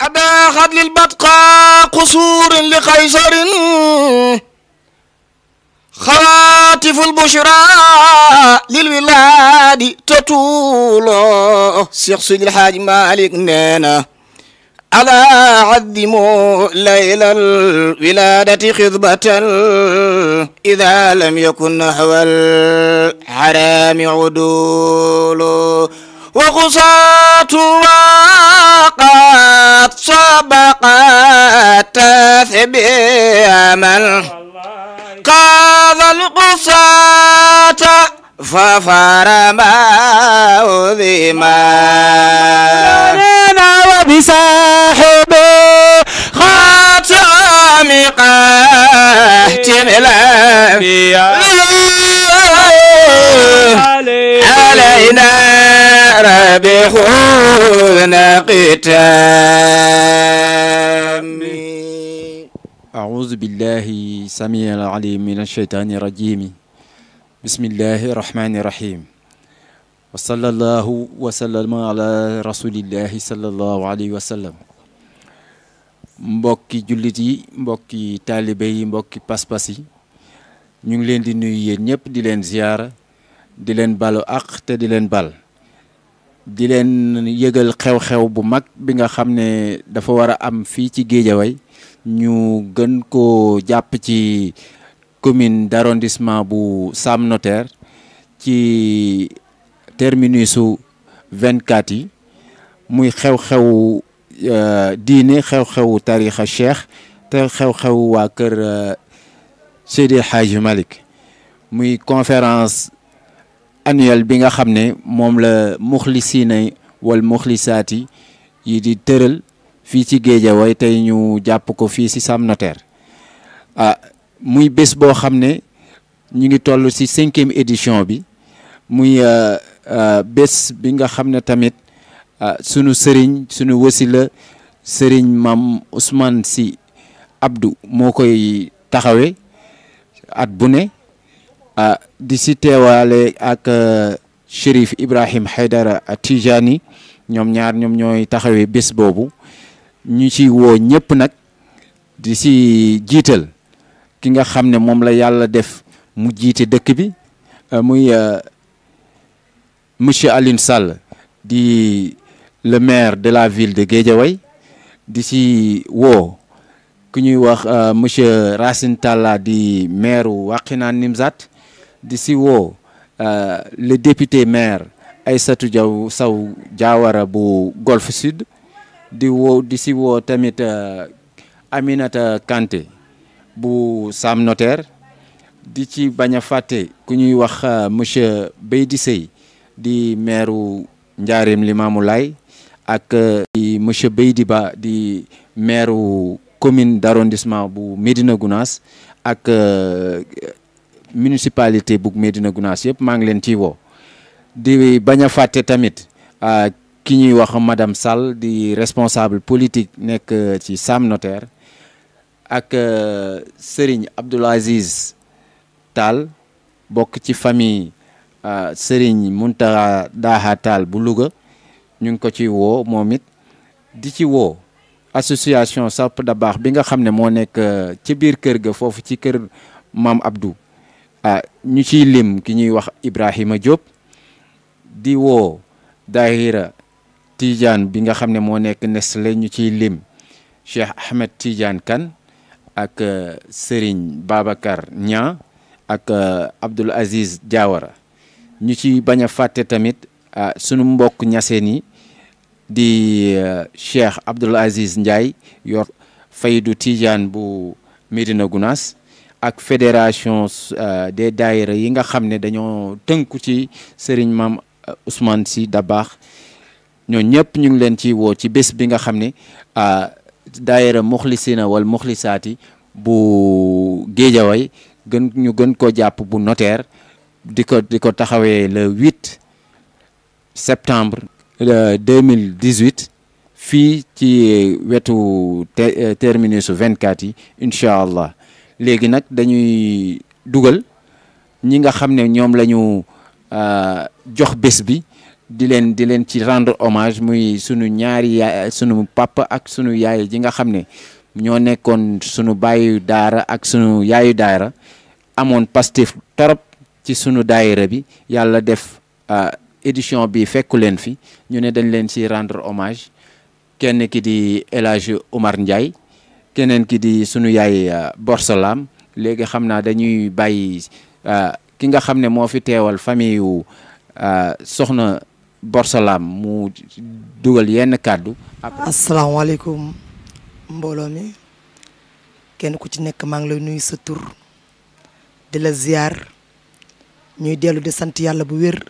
أباخت للبتقى قصور لقيصر خواتف البشرى للولاد تطول شيخ سيدي الحاج مالك نانا ألا عظموا ليل الولادة خطبة إذا لم يكن نحو الحرام عدول وقصات سبقت سبقت تثبي عمل قاض القصاة ففار ما ذما وبساحب خاتم قاتم الأنبياء ربحونا قتامي أعوذ بالله سميع العليم من الشيطان الرجيم بسم الله الرحمن الرحيم وصلى الله وسلم على رسول الله صلى الله mbokki jullit mbokki taalibe mbokki pas-pas yi ñu ngi leen di nuyu yéen ñëpp di leen ziyaara di leen balu àq di leen bal di leen yëgal xew-xew bu mag bi nga xam ne dafa war a am fii ci Guédiawaye ñu gën ko jàpp ci commune d'arrondissement bu Sam Notaire ci vingt 24 yi muy xew-xewu euh, diine xew-xewu a cheikh te xew-xewu waa kër euh, Seydi El Hadji Malick muy conférence annuel bi nga xam ne moom la muxlisiina wal muxlisaati yi di tëral fii ci Géejawaay tey ñu jàpp ko fii ci Sam Notaire ah muy bés boo xam ne ñu ngi toll ci cinquième édition bi muy euh, euh, bés bi nga xam ne tamit ah, sunu sëriñ sunu wasila sëriñ maam Ousmane si Abdou moo koy taxawee at bu ne ah di si teewaale ak eh, Chérif Ibrahim Haydara Tijani ñoom ñaar ñoom ñooy taxawee bés boobu ñu ci woo ñëpp nag di si jiital ki nga xam ne moom la yàlla def mu jiite dëkk bi eh, muy eh, monsieur Alioune Sall di le maire de la ville de Guédiawaye di si woo ku ñuy wax monsieur Racine Talla di maire Wakhinane Nimzatt di si woo euh, le député maire ay satu Diaw Sow Diawara bu Golf Sud di woo di si woo tamit euh, Aminata Kanté bu Sam Notaire di ci bañ a fàtte ku ñuy wax euh, monsieur Beydi Sey di maireu Njaareem Limaamu lay ak di monsieur Beydi Ba di maireu commune d'arrondissement bu Médina Gounass ak municipalité bu Médina Gounass yëpp maa ngi leen ciy woo di bañ a fàtte tamit ah, ki ñuy wax madame Sall di responsable politique nekk euh, ci Sam Notaire ak euh, Serigne Abdoul Aziz Tall bokk ci famille ah, Serigne Mountakha Daha Tall bu Louga ñu ngi ko ci woo moom it di ci woo association Sapp baax bi nga xam ne moo nekk euh, ci biir kër ga foofu ci kër maam Abdou ah ñu ciy lim ki ñuy wax Ibrahima Diop di woo daahira Tidiane bi nga xam ne moo nekk Nestlé ñu ci lim Cheikh Ahmed Tidiane Kane ak euh, Serigne Babacar ñaa ak euh, Abdoul Aziz Diawara ñu ci bañ a fàtte tamit ah, sunu mbokk ñaseen yi di euh, Cheikh Abdoul Aziz Ndiaye yor faydu Tidiane bu Medina Gounass ak fédération euh, des daayira yi nga xam ne dañoo tënku ci sëriñ maam si Sy baax ñoo ñëpp ñu ngi leen ci woo ci bés bi nga xam ne euh, daayira muxlisina wal muxlisaati bu géejaway gën ñu gën ko jàpp bu notaire di ko di ko taxawee le 8 septembre 2018 fii ci wetu euh, terminus 24 yi incha allah léegi nag dañuy dugal ñi nga xam ne ñoom la ñu euh, jox bés bi di leen di leen ci rendre hommage muy sunu ñaari yaay sunu papa ak sunu yaay ji nga xam ne ñoo nekkoon sunu bàyyu daara ak sunu yaayu daara amoon pastif torop ci sunu daayira bi yàlla def euh, édition bi fekku leen fi ñu ne dañ leen ci rendre hommage kenn ki di El Hadj Omar Ndiaye keneen ki di sunu yaay euh, Borsalaam léegi xam naa dañuy bàyyi euh, ki nga xam ne moo fi teewal famille euh, soxna Borsalaam mu dugal yenn kàddu. asalaamaaleykum mbooloo mi kenn ku ci nekk maa ngi lay nuyu sa tur di la ziar ñuy dellu di sant yàlla bu wér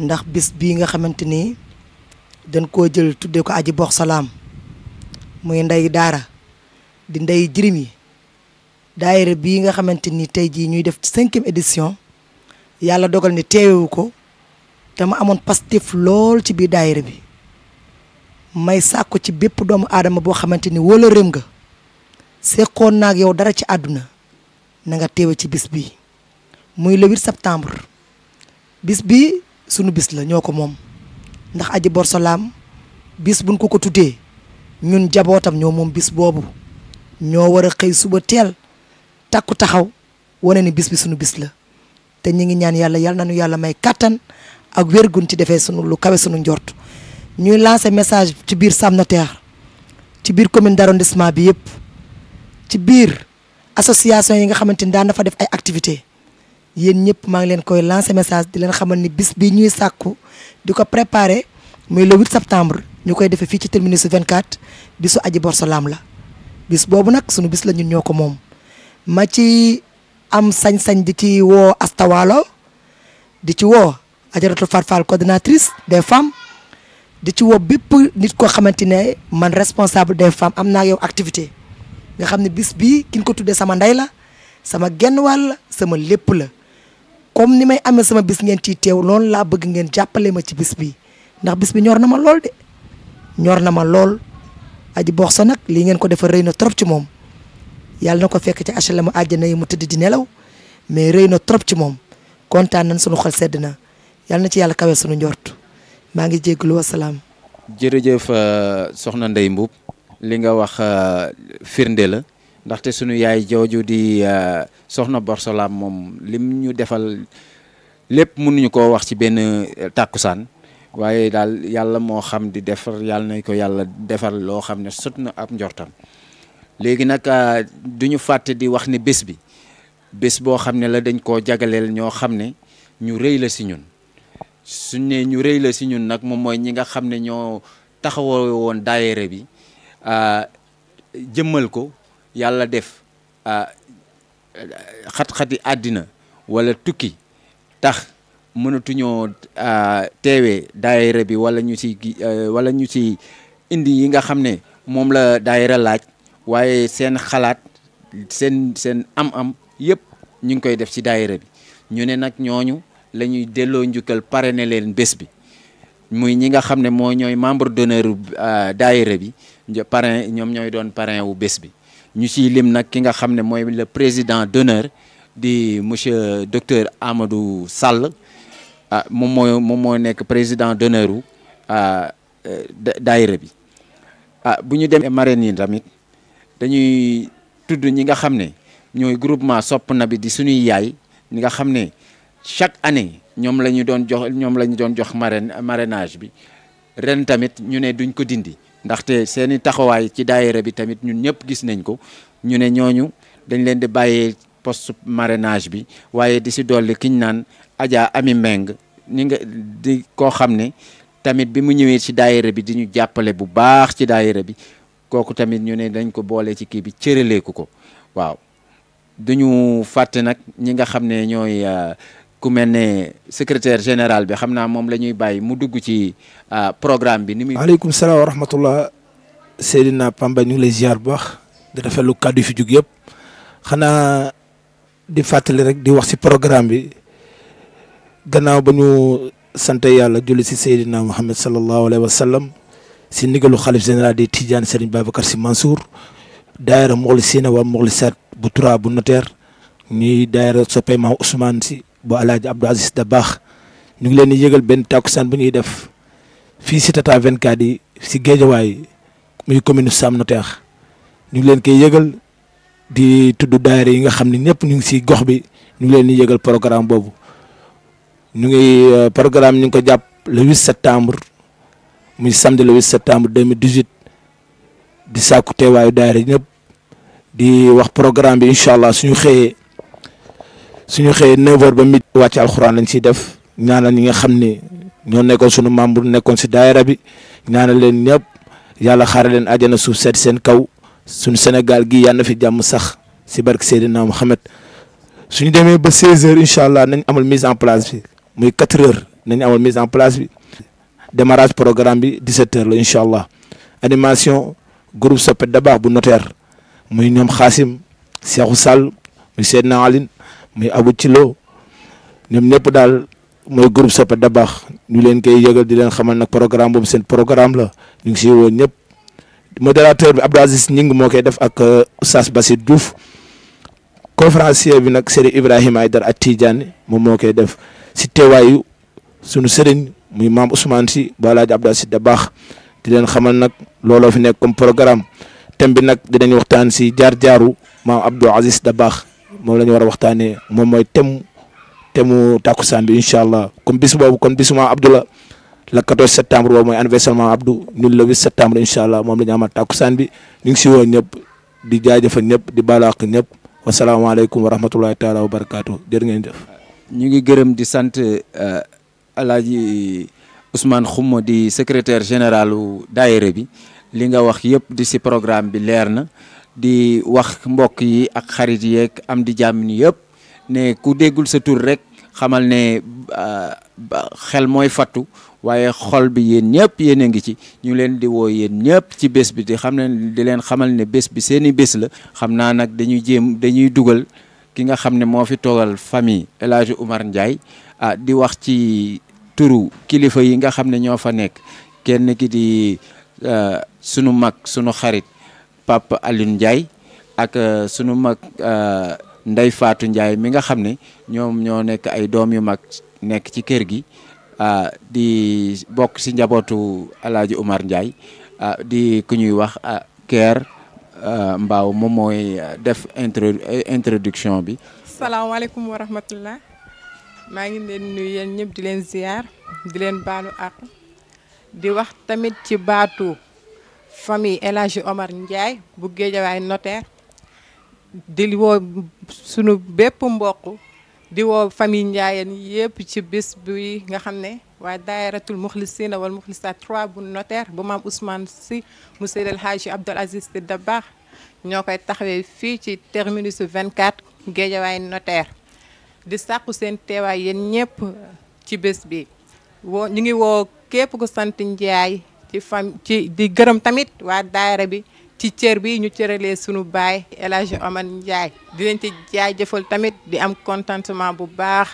ndax bis bii nga xamante ni dañ koo jël tuddee ko aji Borsalaam. muy ndey daara di ndey jirim yi daayira bii nga xamante ni tey jii ñuy def cinquième édition yàlla dogal ni teewewu ko te ma amoon pastif lool ci biir daayira bi may ko ci bépp doomu aadama boo xamante ni wala rëm nga seqoon naag yow dara ci àdduna na nga teewe ci bis bi muy le 8 septembre bis bi sunu bis la ñoo ko moom ndax aji borsolaam bis buñ ko ko tuddee ñun jabootam ñoo moom bis boobu ñoo war a xëy suba teel takku taxaw wane ni bis bi suñu bis la te ñi ngi ñaan yàlla na nañu yàlla may kàttan ak wérgun ci defee sunu lu kawe suñu njort ñuy lancer message ci biir Sam Notaire ci biir commune d'arrondissement bi yëpp ci biir association yi nga xamante ni daan dafa def ay activités yéen ñëpp maa ngi leen koy lancer message di leen xamal ni bis bi ñuy sàkku di ko préparer muy le 8 septembre ñu koy defee fii ci terminus 24 bisu aji borsalaam la bis boobu nag sunu bis la ñun ñoo ko moom ma ci am sañ-sañ di ci woo astawaalo di ci woo ajaratu farfal coordinatrice des femmes di ci woo bépp nit koo xamante ne man responsable des femmes am naa yow activité nga xam ne bis bi kin ko tuddee sama ndey la sama genn wàll sama lépp la comme ni may amee sama bis ngeen ciy teew loolu laa bëgg ngeen jàppalee ma ci bis bi ndax bis bi ñor na ma lool ñor na ma lool aji boox sa nag lii ngeen ko defal rëy na trop ci moom yàlla na ko fekk ci HLM àjjana yi mu tëdd di nelaw mais rëy na trop ci moom kontaan nañ sunu xol sedd na yàlla na ci yàlla kawe sunu njort maa ngi jégalu wasalaam. jërëjëf euh, soxna ndey Mboup li nga wax euh, firnde la ndaxte sunu yaay jooju di euh, soxna Borsalaam moom lim ñu defal lépp mun mënuñu ko wax ci benn tàkkusaan waaye daal yàlla moo xam di defar yàlla nañ ko yàlla defar loo xam ne sot na ab njortam léegi nag ah, du ñu fàtte di wax ni bés bi bés boo xam ne la dañ koo jagaleel ñoo xam ne ñu rëy la si ñun suñ ne ñu rëy la si ñun nag moom mooy ñi nga xam ne ñoo taxawoo woon daayere bi ah, jëmmal ko yàlla def ah, xat-xati àddina wala tukki tax mënatuñoo euh, teewee daayira bi wala ñu si euh, wala ñu si indi yi nga xam ne moom la daayira laaj waaye seen xalaat seen seen am-am yëpp ñu ngi koy def ci daayira bi ñu ne nag ñooñu la ñuy delloo njukkal pare ne leen bés bi muy ñi nga xam ne moo ñooy membre d'honneur euh, daayira bi parrain ñoom ñooy doon parrain wu bés bi ñu si lim nag ki nga xam ne mooy le président d'honneur di monsieur docteur Amadou Sall ah moom mooy moom moo nekk président d'honneur u ah, daayira bi ah bu ñu demee marraines yi tamit dañuy tudd ñi nga xam ne ñooy groupement sopp na bi di suñuy yaay ñi nga xam ne chaque année ñoom la ñu doon jox ñoom la doon jox marraine marrainage bi ren tamit ñu ne duñ ko dindi ndaxte seen i taxawaay ci daayira bi tamit ñu ñëpp gis nañ ko ñu ne ñooñu dañ leen di bàyyee post marrainage bi waaye di si dolli kiñ naan Adja Ami Mbeng ñi nga di koo xam ne tamit bi mu ñëwee ci daayira bi di ñu jàppale bu baax ci daayira bi kooku tamit ñu ne dañ ko boole ci kii bi cëraleeku ko waaw du ñu fàtte nag ñi nga xam ne ñooy euh, ku mel ne secrétaire général bi xam naa moom la ñuy bàyyi mu dugg ci euh, programme bi. ni muy waaleykum salaam wa rahmatullah Seydina Pamba ñu ngi lay ziar bu baax di rafetlu kàddu fi jug yëpp xanaa di fàttali rek di wax si programme bi. gannaaw ba ñu sant yàlla julli si Seydina Muhammad sallallahu alayhi wa sallam si ndigalu xalif général di Tidiane Serigne Babacar Sy Mansour daayira Muxlisina wa Muxlisaat bu Turaa bu notaire ñuy daayira soppee Maam Ousmane si bu Alaaji Abdou Aziz Dabakh ñu ngi leen di yëgal benn tàkkusaan bu ñuy def fii si Tata 24 di si Géejawaay muy commune Sam ñu ngi leen koy yëgal di tudd daayira yi nga xam ne ñëpp ñu ngi si gox bi ñu ngi leen di yëgal programme boobu ñu ngi euh, programme ñu ngi ko jàpp le 8 septembre muy samedi le 8 septembre 2018 di sàkku teewaayu daayira ñëpp di wax programme bi incha allah suñu xëyee suñu xëyee 9h ba midi wàcc alxuraan lañu ciy def ñaanal ñi nga xam ni ñoo nekkoon suñu membre nekkoon si daayira bi ñaanal leen ñëpp yàlla xaare leen àjjana suuf seet seen kaw suñu Sénégal gi yàlla na fi jàmm sax si barke Seydina su ñu demee ba 16h incha allah nañ amal mise en place muy 4 heures nañu amal mise en place bi démarrage programme bi 17 heures la incha allah animation group soppe Daba bu notaire muy ñoom Xaasim Cheikhou Sall muy Seydina Aline muy abu Thilo ñoom ñëpp daal mooy groupe soppe Dabaax ñu leen koy yëgal di leen xamal nag programme boobu seen programme la ñu ngi woo ñëpp modérateur bi Abdou Aziz Ñing moo koy def ak euh, Oustaz Basir Diouf conférencier bi nag Serigne Ibrahima Aïdara ak Tidiane moom moo koy def si tewaayu sunu sëriñ muy maam Ousmane si balaaji Abdou Aziz baax di leen xamal nag looloo fi nekk comme programme thème bi nag dinañ waxtaan si jaar-jaaru maam Abdou Aziz baax moom la ñu war a waxtaanee moom mooy thème thème saan bi incha allah comme bis boobu kon bisu maam Abdou la le 14 septembre boobu mooy anniversaire maam Abdou ñun le 8 septembre incha allah moom lañu ñu amal tàkkusaan bi ñu ngi si woo ñëpp di jaajëfal ñëpp di balaax ñëpp wasalaamaaleykum wa rahmatullahi taala wa barakaatu jërë ngeen jëf. ñu ngi gërëm di sant euh, alaaji Ousmane Xuma di secrétaire généralu daayira bi li nga wax yëpp di si programme bi leer na di wax mbokk yi ak xarit yeeg am di jàmm ni yëpp ne ku déggul sa tur rek xamal ne euh, xel mooy fattu waaye xol bi yéen ñëpp yéen a ngi ci ñu leen di woo yéen ñëpp ci bés bi di xam di leen xamal ne bés bi seeni bés la xam naa nag dañuy jéem dañuy dugal ki nga xam ne moo fi toogal famille El Hadj Oumar Ndiaye ah, di wax ci turu kilifa yi nga xam ne ñoo fa nekk kenn ki di ah, sunu mag sunu xarit Papa Alioune Ndiaye ak ah, sunu mag Ndey Faatu Ndiaye mi nga xam ne ñoom ñoo nekk ay doom yu mag nekk ci kër gi di bokk si njabootu El umar Oumar Ndiaye di ku ñuy wax Kër. Euh, Mbaaw moom mooy euh, def intro euh, bi. salaamaaleykum wa rahmatullah maa ngi leen nuy yéen ñëpp di leen ziar di leen baalu àq di wax tamit ci baatu famille El Omar Ndiaye bu Géejawaay notaire di woo sunu bépp mbokk di woo famille Ndiaye yépp ci bis bi nga xam ne. waa daayiratul muxlisina wal muxlisat 3 bu notaire bu maam Ousmane si mu Seydi El Hadji Abdoul Aziz Sy Dabakh ñoo koy taxawee fii ci vingt 24 Géejawaay notaire di sàqu seen teewaay yéen ñëpp ci bés bi woo ñu ngi woo képp ko sant Njaay ci fam ci di gërëm tamit waa daayira bi ci cër bi ñu le sunu baay El Hadj Omar Ndiaye di leen ci jaajëfal tamit di am contentement bu baax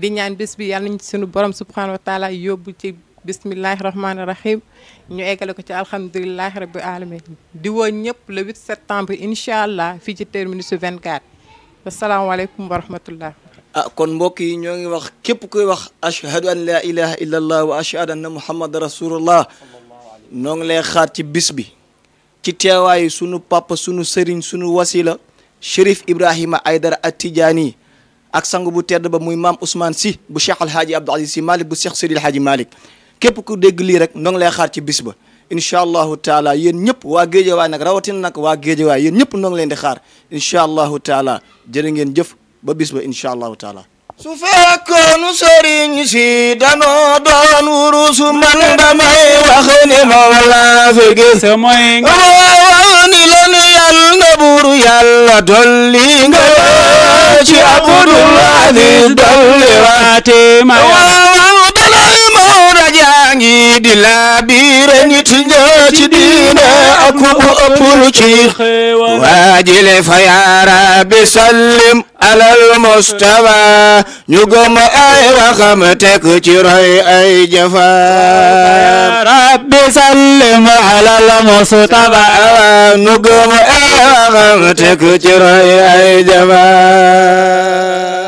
di ñaan bés bi yàlla nañ sunu borom subhanahu wa yóbbu ci bismillahi rahmaani rahim ñu eggale ko ci alhamdulilahi rabbi alamin di woon ñëpp le 8 septembre incha allah fi ci terminus 24 asalaamaaleykum wa rahmatullah a ah, kon mbokk yi ñoo ngi wax képp koy wax ashhadu an la ilaha illa allah wa ashhadu anna muhammadan rasulullah noo ngi lay xaar ci bis bi ci teewaayu sunu papa sunu sëriñ sunu wasila Chérif Ibrahima Aydara At-Tijaani ak sang bu teer tedd ba mu maam Ousmane si bu Cheikh Alhaaji Abdou Aziz Sy Malick bu Cheikh Seydi Alhaaji Malick képp ku dégg lii rek noo ngi xaar ci bis ba incha allahu taala yéen ñëpp waa géejawaay nag rawatina nag waa géejawaay yéen ñëpp noo ngi leen di xaar incha allahu taala jërë ngeen jëf ba bis ba incha allahu taala su fekkoon sëriñ si danoo wurusu man damay wax ni ma wala fege samay nga waaw ni leen yàlla na buuru yàlla dolli nga ci Abdul Aziz dolli waate ma lii di ci fa yaa rabbi sallim alal mustafa ñu gëm ay ay waxam tek ci roy ay jafa